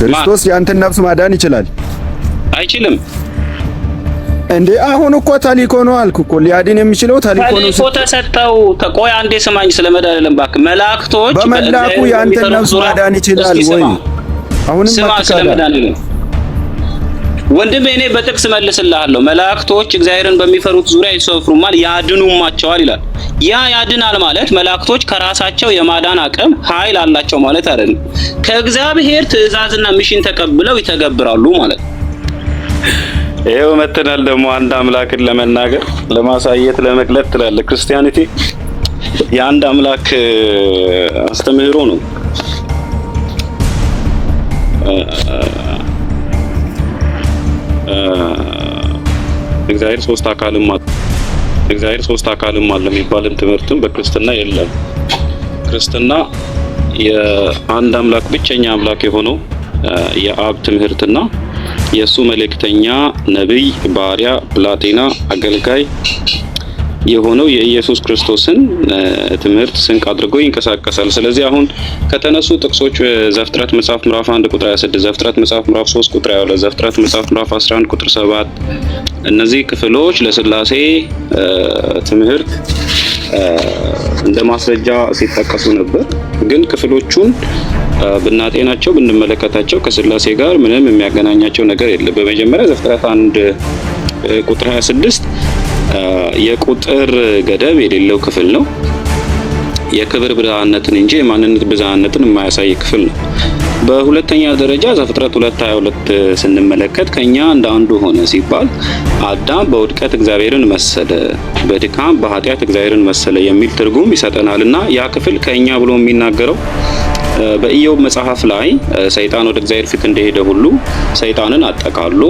ክርስቶስ የአንተን ነፍስ ማዳን ይችላል። አይችልም እንዴ? አሁን እኮ ታሊኮ ነው አልኩ እኮ ሊያድን የሚችለው ታሊኮ ነው። ታሊኮ ተሰጠው። ቆይ አንዴ ስማኝ፣ ስለመዳን አይደለም እባክህ። መላእክቶች በመላኩ የአንተን ነፍስ ማዳን ይችላል ወይ? አሁንም ስማ፣ ስለመዳን አይደለም ወንድም እኔ በጥቅስ መልስልሃለሁ። መላእክቶች እግዚአብሔርን በሚፈሩት ዙሪያ ይሰፍሩማል ያድኑማቸዋል ይላል። ያ ያድናል ማለት መላእክቶች ከራሳቸው የማዳን አቅም ኃይል አላቸው ማለት አይደለም። ከእግዚአብሔር ትእዛዝና ሚሽን ተቀብለው ይተገብራሉ ማለት ነው። መተናል ደግሞ አንድ አምላክን ለመናገር ለማሳየት፣ ለመግለጥ ትላለ ክርስቲያኒቲ የአንድ አምላክ አስተምህሮ ነው። እግዚአብሔር ሶስት አካልም እግዚአብሔር ሶስት አካልም አለ የሚባልም ትምህርትም በክርስትና የለም። ክርስትና የአንድ አምላክ ብቸኛ አምላክ የሆነው የአብ ትምህርትና የእሱ መልእክተኛ፣ ነቢይ፣ ባሪያ፣ ብላቴና፣ አገልጋይ የሆነው የኢየሱስ ክርስቶስን ትምህርት ስንቅ አድርጎ ይንቀሳቀሳል። ስለዚህ አሁን ከተነሱ ጥቅሶች ዘፍጥረት መጽሐፍ ምዕራፍ 1 ቁጥር 26፣ ዘፍጥረት መጽሐፍ ምዕራፍ 3 ቁጥር 22፣ ዘፍጥረት መጽሐፍ ምዕራፍ 11 ቁጥር 7 እነዚህ ክፍሎች ለስላሴ ትምህርት እንደ ማስረጃ ሲጠቀሱ ነበር። ግን ክፍሎቹን ብናጤናቸው ብንመለከታቸው ከስላሴ ጋር ምንም የሚያገናኛቸው ነገር የለም። በመጀመሪያ ዘፍጥረት 1 ቁጥር 26 የቁጥር ገደብ የሌለው ክፍል ነው። የክብር ብዝሃነትን እንጂ የማንነት ብዝሃነትን የማያሳይ ክፍል ነው። በሁለተኛ ደረጃ ዘፍጥረት 2:22 ስንመለከት ከኛ እንደ አንዱ ሆነ ሲባል አዳም በውድቀት እግዚአብሔርን መሰለ፣ በድካም በኃጢአት እግዚአብሔርን መሰለ የሚል ትርጉም እና ያ ክፍል ከኛ ብሎ የሚናገረው በኢዮብ መጽሐፍ ላይ ሰይጣን ወደ እግዚአብሔር ፊት እንደሄደ ሁሉ ሰይጣንን አጠቃሎ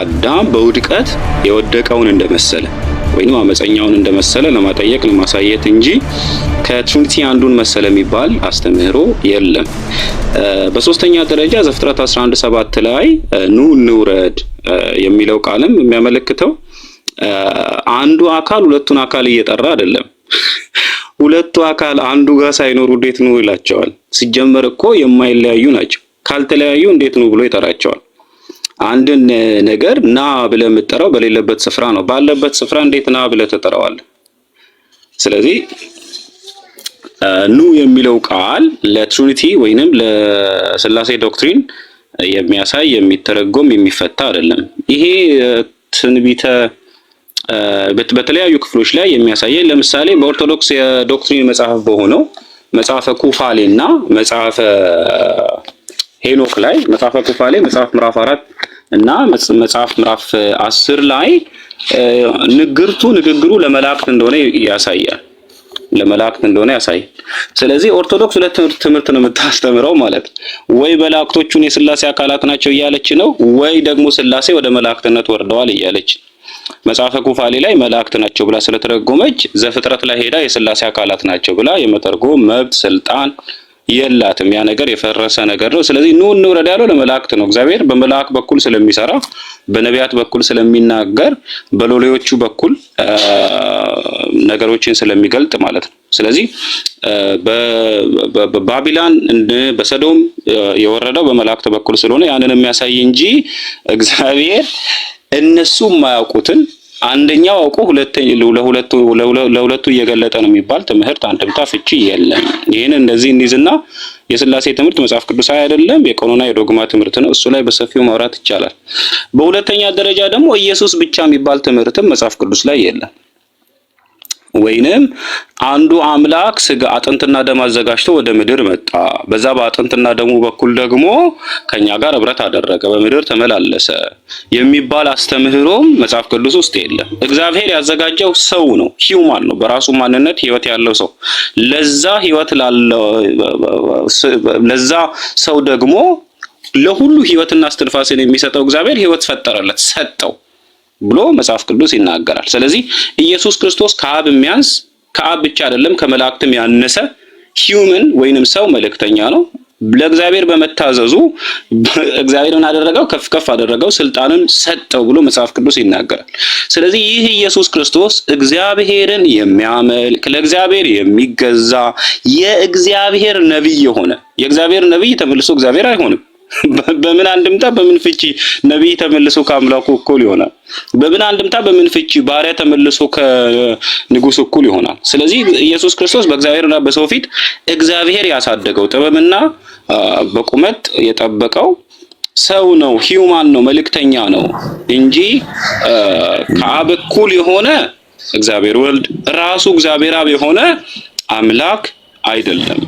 አዳም በውድቀት የወደቀውን እንደመሰለ ወይም አመፀኛውን እንደመሰለ ለማጠየቅ ለማሳየት እንጂ ከትሪኒቲ አንዱን መሰለ የሚባል አስተምህሮ የለም። በሶስተኛ ደረጃ ዘፍጥረት 11:7 ላይ ኑ ንውረድ የሚለው ቃልም የሚያመለክተው አንዱ አካል ሁለቱን አካል እየጠራ አይደለም። ሁለቱ አካል አንዱ ጋር ሳይኖሩ እንዴት ነው ይላቸዋል። ሲጀመር እኮ የማይለያዩ ናቸው። ካልተለያዩ እንዴት ነው ብሎ ይጠራቸዋል። አንድን ነገር ና ብለ የምጠራው በሌለበት ስፍራ ነው። ባለበት ስፍራ እንዴት ና ብለ ተጠራዋል ስለዚህ ኑ የሚለው ቃል ለትሪኒቲ ወይንም ለስላሴ ዶክትሪን የሚያሳይ የሚተረጎም የሚፈታ አይደለም። ይሄ ትንቢተ በተለያዩ ክፍሎች ላይ የሚያሳየን ለምሳሌ በኦርቶዶክስ የዶክትሪን መጽሐፍ በሆነው መጽሐፈ ኩፋሌ እና መጽሐፈ ሄኖክ ላይ መጽሐፈ ኩፋሌ መጽሐፍ ምዕራፍ አራት እና መጽሐፍ ምዕራፍ አስር ላይ ንግርቱ ንግግሩ ለመላእክት እንደሆነ ያሳያል። ለመላእክት እንደሆነ ያሳያል። ስለዚህ ኦርቶዶክስ ሁለት ትምህርት ነው የምታስተምረው ማለት ነው። ወይ መላእክቶቹን የስላሴ አካላት ናቸው እያለች ነው፣ ወይ ደግሞ ስላሴ ወደ መላእክትነት ወርደዋል እያለች መጽሐፈ ኩፋሌ ላይ መላእክት ናቸው ብላ ስለተረጎመች ዘፍጥረት ላይ ሄዳ የስላሴ አካላት ናቸው ብላ የመተርጎም መብት ስልጣን የላትም። ያ ነገር የፈረሰ ነገር ነው። ስለዚህ ኑ እንውረድ ያለው ለመላእክት ነው። እግዚአብሔር በመላእክ በኩል ስለሚሰራ፣ በነቢያት በኩል ስለሚናገር፣ በሎሌዎቹ በኩል ነገሮችን ስለሚገልጥ ማለት ነው። ስለዚህ በባቢላን በሰዶም የወረደው በመላእክት በኩል ስለሆነ ያንን የሚያሳይ እንጂ እግዚአብሔር እነሱ የማያውቁትን አንደኛው አውቁ ለሁለቱ እየገለጠ ነው የሚባል ትምህርት አንድምታ ፍቺ የለም። ይህን እንደዚህ እንዲዝና የስላሴ ትምህርት መጽሐፍ ቅዱሳዊ አይደለም፣ የቀኖና የዶግማ ትምህርት ነው። እሱ ላይ በሰፊው ማውራት ይቻላል። በሁለተኛ ደረጃ ደግሞ ኢየሱስ ብቻ የሚባል ትምህርትም መጽሐፍ ቅዱስ ላይ የለም። ወይንም አንዱ አምላክ ስጋ አጥንትና ደም አዘጋጅቶ ወደ ምድር መጣ። በዛ በአጥንትና ደሙ በኩል ደግሞ ከኛ ጋር ህብረት አደረገ፣ በምድር ተመላለሰ የሚባል አስተምህሮም መጽሐፍ ቅዱስ ውስጥ የለም። እግዚአብሔር ያዘጋጀው ሰው ነው፣ ሂውማን ነው፣ በራሱ ማንነት ህይወት ያለው ሰው። ለዛ ህይወት ላለው ለዛ ሰው ደግሞ ለሁሉ ህይወትና እስትንፋስን የሚሰጠው እግዚአብሔር ህይወት ፈጠረለት፣ ሰጠው። ብሎ መጽሐፍ ቅዱስ ይናገራል። ስለዚህ ኢየሱስ ክርስቶስ ከአብ የሚያንስ ከአብ ብቻ አይደለም ከመላእክትም ያነሰ ሂዩመን ወይንም ሰው መልእክተኛ ነው። ለእግዚአብሔር በመታዘዙ እግዚአብሔር ምን አደረገው? ከፍ ከፍ አደረገው፣ ስልጣንን ሰጠው ብሎ መጽሐፍ ቅዱስ ይናገራል። ስለዚህ ይህ ኢየሱስ ክርስቶስ እግዚአብሔርን የሚያመልክ ለእግዚአብሔር የሚገዛ የእግዚአብሔር ነቢይ የሆነ የእግዚአብሔር ነቢይ ተመልሶ እግዚአብሔር አይሆንም። በምን አንድምታ በምን ፍቺ ነቢይ ተመልሶ ከአምላኩ እኩል ይሆናል? በምን አንድምታ በምን ፍቺ ባሪያ ተመልሶ ከንጉስ እኩል ይሆናል? ስለዚህ ኢየሱስ ክርስቶስ በእግዚአብሔርና በሰው ፊት እግዚአብሔር ያሳደገው ጥበብና በቁመት የጠበቀው ሰው ነው፣ ሂዩማን ነው፣ መልእክተኛ ነው እንጂ ከአብ እኩል የሆነ እግዚአብሔር ወልድ ራሱ እግዚአብሔር አብ የሆነ አምላክ አይደለም።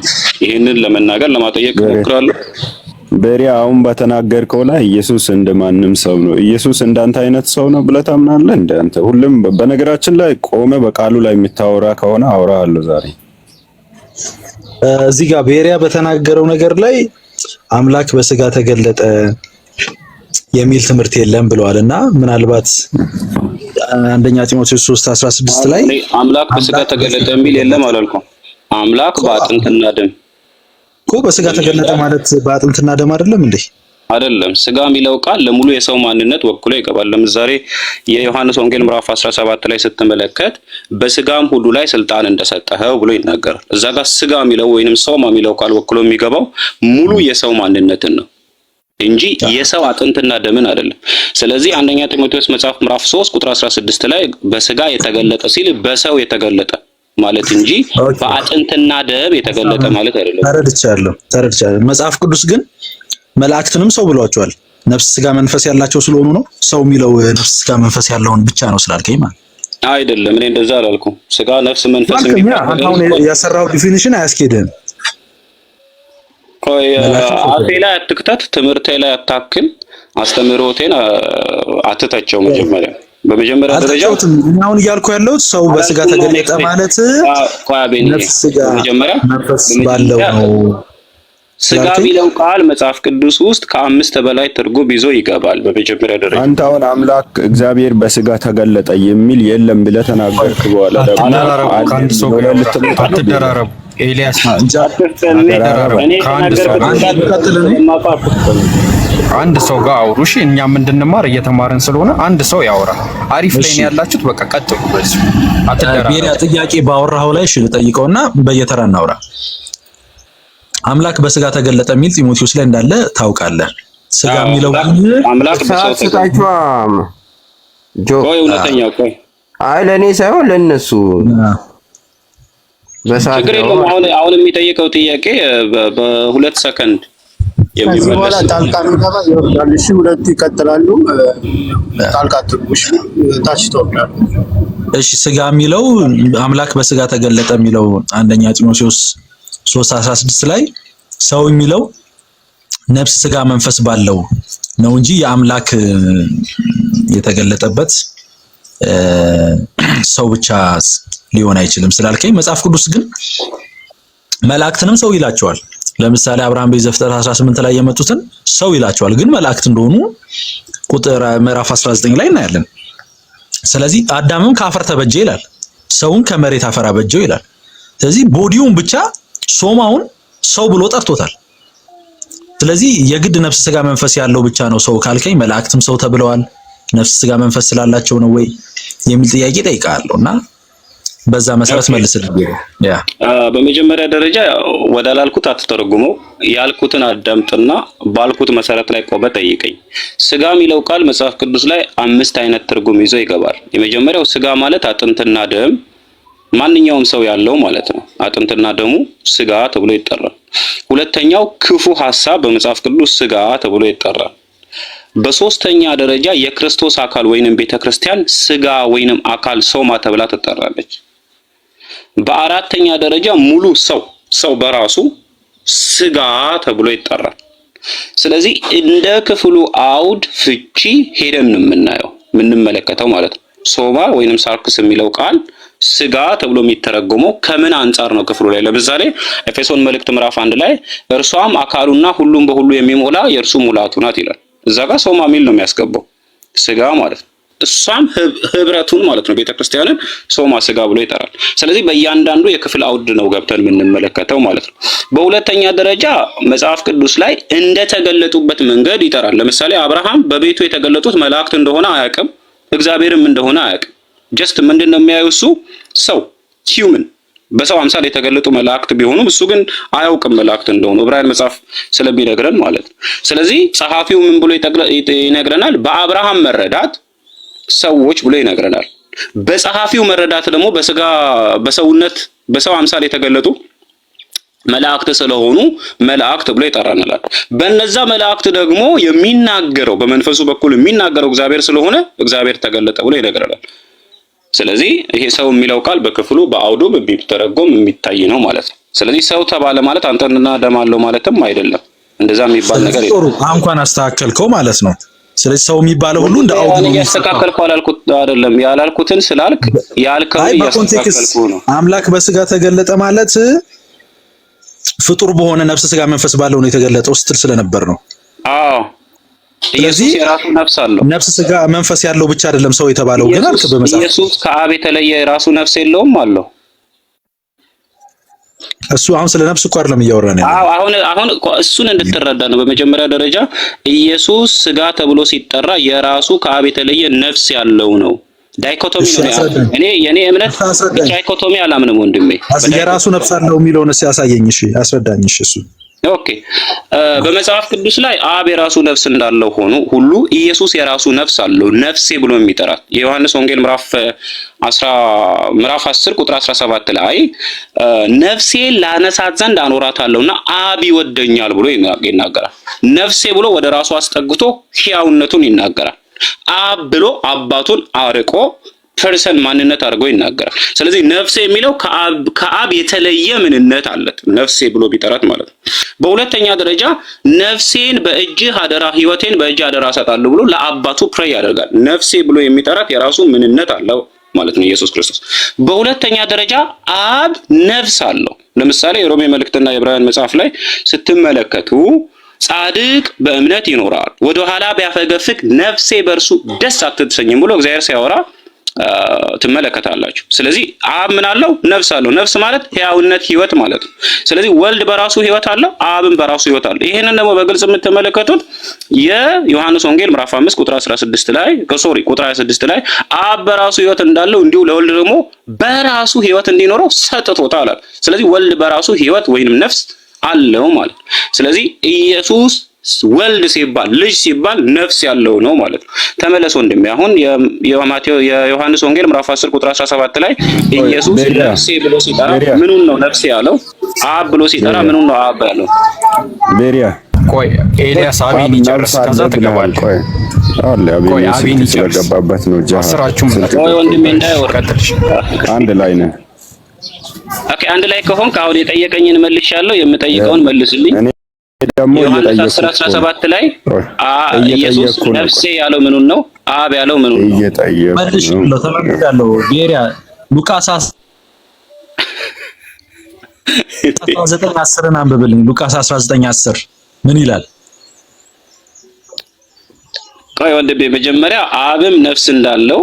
ይህንን ለመናገር ለማጠየቅ እሞክራለሁ። በሪ አሁን በተናገርከው ላይ ኢየሱስ እንደማንም ሰው ነው። ኢየሱስ እንዳንተ አይነት ሰው ነው ብለህ ታምናለህ? እንደ አንተ ሁሉም በነገራችን ላይ ቆመ በቃሉ ላይ የምታወራ ከሆነ አውራ አለ። ዛሬ እዚህ ጋር በሪያ በተናገረው ነገር ላይ አምላክ በስጋ ተገለጠ የሚል ትምህርት የለም ብለዋል እና ምናልባት አንደኛ ጢሞቴዎስ 3 16 ላይ አምላክ በስጋ ተገለጠ የሚል የለም አላልኩም። አምላክ በአጥንትና ደም እኮ በስጋ ተገለጠ ማለት በአጥንትና ደም አይደለም እንዴ? አይደለም። ስጋ የሚለው ቃል ለሙሉ የሰው ማንነት ወክሎ ይገባል። ለምሳሌ የዮሐንስ ወንጌል ምዕራፍ 17 ላይ ስትመለከት በስጋም ሁሉ ላይ ስልጣን እንደሰጠኸው ብሎ ይናገራል። እዛ ጋር ስጋ የሚለው ወይንም ሰው የሚለው ቃል ወክሎ የሚገባው ሙሉ የሰው ማንነትን ነው እንጂ የሰው አጥንትና ደምን አይደለም። ስለዚህ አንደኛ ጢሞቴዎስ መጽሐፍ ምዕራፍ 3 ቁጥር 16 ላይ በስጋ የተገለጠ ሲል በሰው የተገለጠ ማለት እንጂ በአጥንትና ደም የተገለጠ ማለት አይደለም። ተረድቻለሁ ተረድቻለሁ። መጽሐፍ ቅዱስ ግን መላእክትንም ሰው ብሏቸዋል። ነፍስ ስጋ መንፈስ ያላቸው ስለሆኑ ነው። ሰው የሚለው ነፍስ ስጋ መንፈስ ያለውን ብቻ ነው ስላልከኝ ማለት አይደለም። እኔ እንደዛ አላልኩ። ስጋ ነፍስ መንፈስ የሚባል ያሰራው ዲፊኒሽን አያስኬድህም። ቆይ አፌ ላይ አትክተት፣ ትምህርቴ ላይ አታክል፣ አስተምህሮቴን አትተቸው መጀመሪያ በመጀመሪያ ደረጃ አሁን እያልኩ ያለሁት ሰው በስጋ ተገለጠ ማለት ነፍስ ስጋ ነፍስ ባለው ነው። ስጋ ቢለው ቃል መጽሐፍ ቅዱስ ውስጥ ከአምስት በላይ ትርጉም ይዞ ይገባል። በመጀመሪያ ደረጃ አንተ አሁን አምላክ እግዚአብሔር በስጋ ተገለጠ የሚል የለም ብለህ ተናገርክ። በኋላ ደግሞ አትደራረቡ። ኤልያስ አንድ ሰው ጋር አውሩ። እሺ እኛም እንድንማር እየተማርን ስለሆነ አንድ ሰው ያወራ። አሪፍ ላይ ያላችሁት። በቃ ቀጥሉ። በዚህ አትደራ ቤሪያ ጥያቄ ባወራው ላይ እሺ ልጠይቀውና በየተራ እናውራ። አምላክ በስጋ ተገለጠ የሚል ጢሞቴዎስ ላይ እንዳለ ታውቃለህ። ስጋ የሚለው አምላክ በሰው ተገለጠ እውነተኛው አይ ለኔ ሳይሆን ለነሱ ችግር ነው። አሁን አሁን የሚጠይቀው ጥያቄ በሁለት ሰከንድ ከዚህ በኋላ ጣልቃ የሚገባ ይወርዳል። እሺ ሁለቱ ይቀጥላሉ። ጣልቃ ትጉሽ ታች ተወርዳል። እሺ ስጋ የሚለው አምላክ በስጋ ተገለጠ የሚለው አንደኛ ጢሞቴዎስ 3:16 ላይ ሰው የሚለው ነፍስ፣ ስጋ፣ መንፈስ ባለው ነው እንጂ የአምላክ የተገለጠበት ሰው ብቻ ሊሆን አይችልም ስላልከኝ መጽሐፍ ቅዱስ ግን መላእክትንም ሰው ይላቸዋል። ለምሳሌ አብርሃም በዘፍጥረት 18 ላይ የመጡትን ሰው ይላቸዋል፣ ግን መላእክት እንደሆኑ ቁጥር ምዕራፍ 19 ላይ እናያለን። ስለዚህ አዳምም ከአፈር ተበጀ ይላል፣ ሰውን ከመሬት አፈር አበጀው ይላል። ስለዚህ ቦዲውን ብቻ ሶማውን ሰው ብሎ ጠርቶታል። ስለዚህ የግድ ነፍስ ስጋ መንፈስ ያለው ብቻ ነው ሰው ካልከኝ መላእክትም ሰው ተብለዋል። ነፍስ ስጋ መንፈስ ስላላቸው ነው ወይ የሚል ጥያቄ ጠይቃለሁ እና በዛ መሰረት መልስልን። በመጀመሪያ ደረጃ ወደ ላልኩት አትተረጉመው፣ ያልኩትን አዳምጥና ባልኩት መሰረት ላይ ቆመ ጠይቀኝ። ስጋ የሚለው ቃል መጽሐፍ ቅዱስ ላይ አምስት አይነት ትርጉም ይዞ ይገባል። የመጀመሪያው ስጋ ማለት አጥንትና ደም ማንኛውም ሰው ያለው ማለት ነው። አጥንትና ደሙ ስጋ ተብሎ ይጠራል። ሁለተኛው ክፉ ሐሳብ በመጽሐፍ ቅዱስ ስጋ ተብሎ ይጠራል። በሶስተኛ ደረጃ የክርስቶስ አካል ወይንም ቤተክርስቲያን ስጋ ወይንም አካል ሶማ ተብላ ትጠራለች። በአራተኛ ደረጃ ሙሉ ሰው ሰው በራሱ ስጋ ተብሎ ይጠራል። ስለዚህ እንደ ክፍሉ አውድ ፍቺ ሄደን የምናየው የምንመለከተው ማለት ነው። ሶማ ወይንም ሳርክስ የሚለው ቃል ስጋ ተብሎ የሚተረጎመው ከምን አንጻር ነው? ክፍሉ ላይ ለምሳሌ ኤፌሶን መልእክት ምዕራፍ አንድ ላይ እርሷም አካሉና ሁሉም በሁሉ የሚሞላ የእርሱ ሙላቱ ናት ይላል። እዛ ጋር ሶማ ሚል ነው የሚያስገባው ስጋ ማለት ነው። እሷም ህብረቱን ማለት ነው ቤተክርስቲያንን ሶማ ስጋ ብሎ ይጠራል። ስለዚህ በእያንዳንዱ የክፍል አውድ ነው ገብተን የምንመለከተው ማለት ነው። በሁለተኛ ደረጃ መጽሐፍ ቅዱስ ላይ እንደተገለጡበት መንገድ ይጠራል። ለምሳሌ አብርሃም በቤቱ የተገለጡት መላእክት እንደሆነ አያውቅም፣ እግዚአብሔርም እንደሆነ አያውቅም። ጀስት ምንድን ነው የሚያዩ እሱ ሰው ሂውመን በሰው አምሳል የተገለጡ መላእክት ቢሆኑም እሱ ግን አያውቅም መላእክት እንደሆኑ ዕብራውያን መጽሐፍ ስለሚነግረን ማለት ነው። ስለዚህ ጸሐፊው ምን ብሎ ይነግረናል? በአብርሃም መረዳት ሰዎች ብሎ ይነግረናል። በጸሐፊው መረዳት ደግሞ በስጋ በሰውነት በሰው አምሳል የተገለጡ መላእክት ስለሆኑ መላእክት ብሎ ይጠራናል። በነዛ መላእክት ደግሞ የሚናገረው በመንፈሱ በኩል የሚናገረው እግዚአብሔር ስለሆነ እግዚአብሔር ተገለጠ ብሎ ይነግረናል። ስለዚህ ይሄ ሰው የሚለው ቃል በክፍሉ በአውዱም የሚተረጎም የሚታይ ነው ማለት ነው። ስለዚህ ሰው ተባለ ማለት አንተንና ደም አለው ማለትም አይደለም። እንደዛ የሚባል ነገር እንኳን አስተካከልከው ማለት ነው። ስለዚህ ሰው የሚባለው ሁሉ እንደ አውድ ነው። እያስተካከልኩ አላልኩት አይደለም። ያላልኩትን ስላልክ ያልከው እያስተካከልኩ ነው። አምላክ በስጋ ተገለጠ ማለት ፍጡር በሆነ ነፍስ፣ ስጋ፣ መንፈስ ባለው ነው የተገለጠው ስትል ስለነበር ነው። አዎ ኢየሱስ የራሱ ነፍስ አለው። ነፍስ፣ ስጋ፣ መንፈስ ያለው ብቻ አይደለም ሰው የተባለው ግን አልክ። በመጽሐፍ ኢየሱስ ከአብ የተለየ ራሱ ነፍስ የለውም አለው እሱ አሁን ስለ ነፍስ እኮ አይደለም እያወራን አዎ አሁን አሁን እሱን እንድትረዳ ነው። በመጀመሪያ ደረጃ ኢየሱስ ስጋ ተብሎ ሲጠራ የራሱ ከአብ የተለየ ነፍስ ያለው ነው። ዳይኮቶሚ ነው። እኔ የኔ እምነት ዳይኮቶሚ አላምንም ወንድሜ። የራሱ ነፍስ አለው የሚለውን ሲያሳየኝ፣ እሺ አስረዳኝ፣ እሺ እሱ ኦኬ በመጽሐፍ ቅዱስ ላይ አብ የራሱ ነፍስ እንዳለው ሆኖ ሁሉ ኢየሱስ የራሱ ነፍስ አለው ነፍሴ ብሎ የሚጠራት የዮሐንስ ወንጌል ምዕራፍ 10 ምዕራፍ 10 ቁጥር 17 ላይ ነፍሴ ላነሳት ዘንድ አኖራታለሁና አብ ይወደኛል ብሎ ይናገራል። ነፍሴ ብሎ ወደ ራሱ አስጠግቶ ሕያውነቱን ይናገራል። አብ ብሎ አባቱን አርቆ ፐርሰን ማንነት አድርጎ ይናገራል። ስለዚህ ነፍሴ የሚለው ከአብ የተለየ ምንነት አለት ነፍሴ ብሎ ቢጠራት ማለት ነው። በሁለተኛ ደረጃ ነፍሴን በእጅህ አደራ፣ ህይወቴን በእጅ አደራ ሰጣለሁ ብሎ ለአባቱ ፕሬይ ያደርጋል። ነፍሴ ብሎ የሚጠራት የራሱ ምንነት አለው ማለት ነው ኢየሱስ ክርስቶስ። በሁለተኛ ደረጃ አብ ነፍስ አለው። ለምሳሌ የሮሜ መልእክትና የዕብራውያን መጽሐፍ ላይ ስትመለከቱ ጻድቅ በእምነት ይኖራል፣ ወደኋላ ቢያፈገፍግ ነፍሴ በእርሱ ደስ አትሰኝም ብሎ እግዚአብሔር ሲያወራ ትመለከታላችሁ። ስለዚህ አብ ምን አለው? ነፍስ አለው። ነፍስ ማለት ህያውነት፣ ህይወት ማለት ነው። ስለዚህ ወልድ በራሱ ህይወት አለው፣ አብም በራሱ ህይወት አለው። ይህንን ደግሞ በግልጽ የምትመለከቱት የዮሐንስ ወንጌል ምዕራፍ 5 ቁጥር 16 ላይ ሶሪ ቁጥር 26 ላይ አብ በራሱ ህይወት እንዳለው እንዲሁ ለወልድ ደግሞ በራሱ ህይወት እንዲኖረው ሰጥቶታል። ስለዚህ ወልድ በራሱ ህይወት ወይንም ነፍስ አለው ማለት ስለዚህ ኢየሱስ ወልድ ሲባል ልጅ ሲባል ነፍስ ያለው ነው ማለት ነው። ተመለስ ወንድሜ። አሁን የማቴዎ የዮሐንስ ወንጌል ምዕራፍ 10 ቁጥር 17 ላይ ኢየሱስ ነፍሴ ብሎ ሲጠራ ምኑን ነው ነፍሴ ያለው? አብ ብሎ ሲጠራ ምኑን ነው አብ ያለው? ቤሪያ ቆይ ኤልያስ አቢን ይጨርስ፣ ከዛ ትገባለህ። ቆይ አቢን ይጨርስ ነው ቆይ ወንድሜ፣ እንዳይወር አንድ ላይ ነህ። ኦኬ አንድ ላይ ከሆንክ አሁን የጠየቀኝን መልሻለሁ፣ የምጠይቀውን መልስልኝ። ዮሐንስ 10 17 ላይ ኢየሱስ ነፍሴ ያለው ምኑን ነው? አብ ያለው ምኑን ነው? ተመልሻለሁ። ቤሪያ ሉቃስ 19 10ን አንብብልኝ። ሉቃስ 19 10 ምን ይላል? ቆይ ወንድሜ መጀመሪያ አብም ነፍስ እንዳለው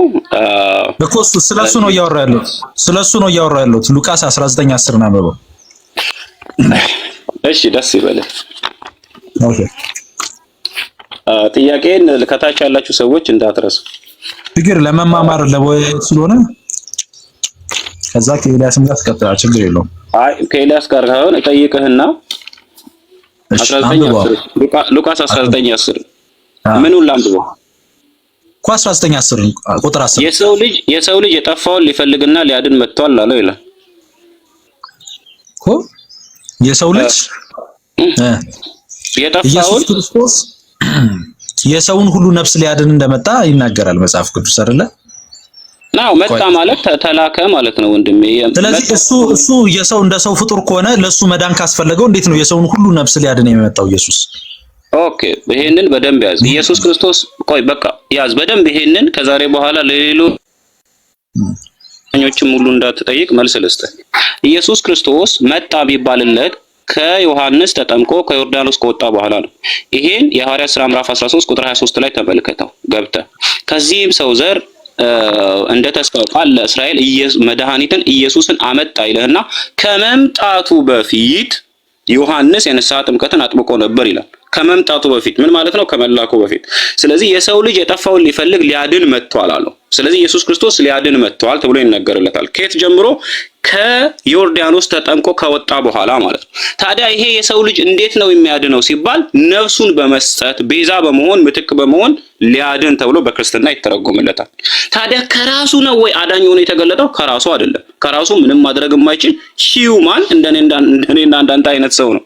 እኮ እሱ ስለሱ ነው እያወራ ያለሁት፣ ስለሱ ነው እያወራ ያለሁት። ሉቃስ 19 10 አንብበው እሺ ደስ ይበልህ። ጥያቄን ከታች ያላችሁ ሰዎች እንዳትረሱ። ችግር ለመማማር ለወይ ስለሆነ ከዛ ከኤልያስም ጋር ትቀጥላለህ። ችግር የለውም። አይ ከኤልያስ ጋር ካሁን እጠይቅህና የሰው ልጅ የሰው ልጅ የጠፋውን ሊፈልግና ሊያድን መጥቷል አለው ይላል የሰው ልጅ ኢየሱስ ክርስቶስ የሰውን ሁሉ ነፍስ ሊያድን እንደመጣ ይናገራል መጽሐፍ ቅዱስ አይደለ? ናው መጣ ማለት ተላከ ማለት ነው ወንድሜ። ስለዚህ እሱ እሱ የሰው እንደ ሰው ፍጡር ከሆነ ለሱ መዳን ካስፈለገው እንዴት ነው የሰውን ሁሉ ነፍስ ሊያድን የመጣው ኢየሱስ? ኦኬ ይሄንን በደንብ ያዝ። ኢየሱስ ክርስቶስ ቆይ በቃ ያዝ በደንብ ይሄንን ከዛሬ በኋላ ለሌሎ ኞችም ሁሉ እንዳትጠይቅ መልስ ልስጥ። ኢየሱስ ክርስቶስ መጣ ቢባልለት ከዮሐንስ ተጠምቆ ከዮርዳኖስ ከወጣ በኋላ ነው። ይሄን የሐዋርያት ሥራ ምዕራፍ 13 ቁጥር 23 ላይ ተመልከተው ገብተ ከዚህም ሰው ዘር እንደ ተስፋው ቃል ለእስራኤል መድኃኒትን ኢየሱስን አመጣ ይለህና ከመምጣቱ በፊት ዮሐንስ የንስሐ ጥምቀትን አጥብቆ ነበር ይላል። ከመምጣቱ በፊት ምን ማለት ነው? ከመላኩ በፊት። ስለዚህ የሰው ልጅ የጠፋውን ሊፈልግ ሊያድን መጥቷል አለው። ስለዚህ ኢየሱስ ክርስቶስ ሊያድን መጥቷል ተብሎ ይነገርለታል። ከየት ጀምሮ? ከዮርዳኖስ ተጠምቆ ከወጣ በኋላ ማለት ነው። ታዲያ ይሄ የሰው ልጅ እንዴት ነው የሚያድነው ሲባል ነፍሱን በመስጠት ቤዛ በመሆን ምትክ በመሆን ሊያድን ተብሎ በክርስትና ይተረጎምለታል። ታዲያ ከራሱ ነው ወይ አዳኝ ሆኖ የተገለጠው? ከራሱ አይደለም። ከራሱ ምንም ማድረግ የማይችል ሂዩማን እንደኔ እንዳንተ አይነት ሰው ነው።